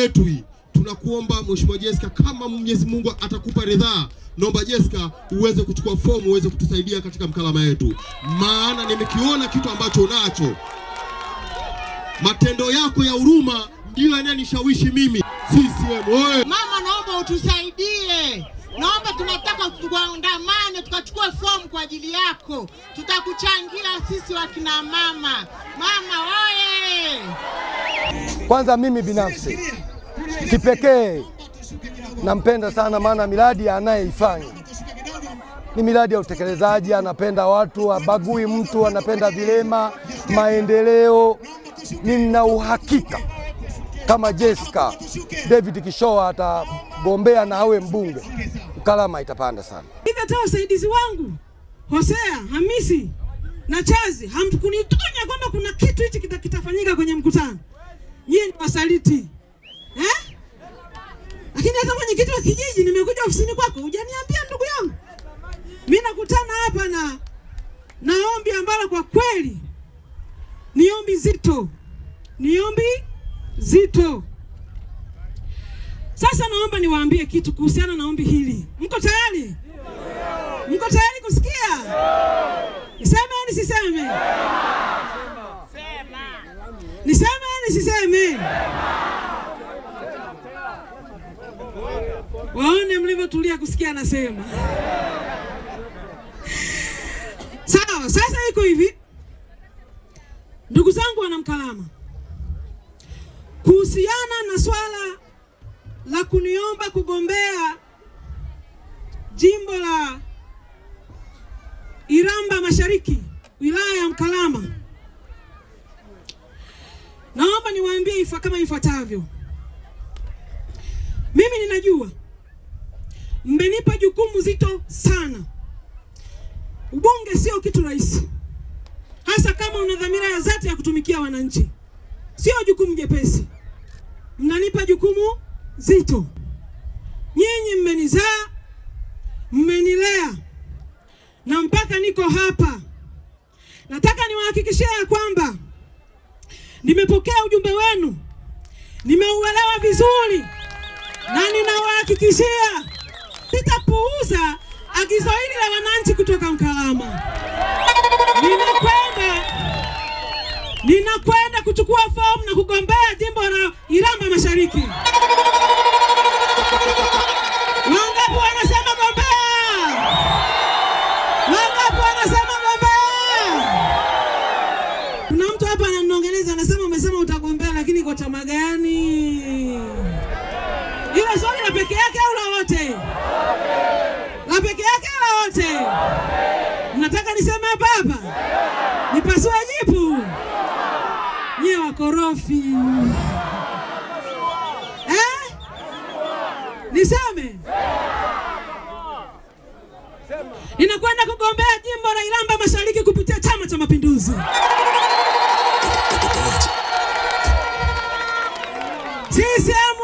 yetu hii, tunakuomba Mheshimiwa Jessica, kama Mwenyezi Mungu atakupa ridhaa, naomba Jessica uweze kuchukua fomu uweze kutusaidia katika mkalama yetu, maana nimekiona kitu ambacho unacho. Matendo yako ya huruma ndiyo yananishawishi mimi CCM. Oye mama, naomba utusaidie Naomba, tunataka tuandamane tukachukua fomu kwa ajili yako, tutakuchangia sisi wakina mama. Mama oye! Kwanza mimi binafsi kipekee nampenda sana, maana miradi anayeifanya ni miradi ya utekelezaji. Anapenda watu, abagui mtu, anapenda vilema, maendeleo. Nina uhakika kama Jessica David Kishoa atagombea na awe mbunge, Ukalama itapanda sana. Hivyo hata wasaidizi wangu Hosea Hamisi na Chazi hamkunitonya kwamba kuna kitu hichi kitafanyika kwenye mkutano. Nyie ni wasaliti mwenyekiti wa kijiji, nimekuja ofisini kwako, hujaniambia ndugu yangu. Mimi nakutana hapa na na ombi ambalo kwa kweli ni ombi zito, ni ombi zito. Sasa naomba niwaambie kitu kuhusiana na ombi hili. Mko tayari? Mko tayari kusikia? Niseme ni siseme? Niseme nisiseme? Sema. waone mlivyotulia kusikia anasema. Sawa, sasa iko hivi, ndugu zangu wanamkalama, kuhusiana na swala la kuniomba kugombea jimbo la Iramba Mashariki, wilaya ya Mkalama, naomba niwaambie ifa kama ifuatavyo. Mimi ninajua mmenipa jukumu zito sana. Ubunge sio kitu rahisi, hasa kama una dhamira ya dhati ya kutumikia wananchi. Sio jukumu jepesi, mnanipa jukumu zito. Nyinyi mmenizaa, mmenilea na mpaka niko hapa. Nataka niwahakikishie ya kwamba nimepokea ujumbe wenu, nimeuelewa vizuri na ninawahakikishia kupuuza agizo hili la wananchi kutoka Mkalama. Ninakwenda ninakwenda kuchukua fomu na kugombea jimbo la Iramba Mashariki. Wangapi wanasema gombea? Wangapi wanasema gombea? Kuna mtu hapa ananiongeleza, anasema umesema utagombea, lakini kwa chama gani? Hilo swali la peke yake au la wote? wote. Mnataka niseme baba? Nipasua jipu? Nyie wakorofi. Eh? Niseme? Ninakwenda kugombea jimbo la Iramba Mashariki kupitia Chama cha Mapinduzi. CCM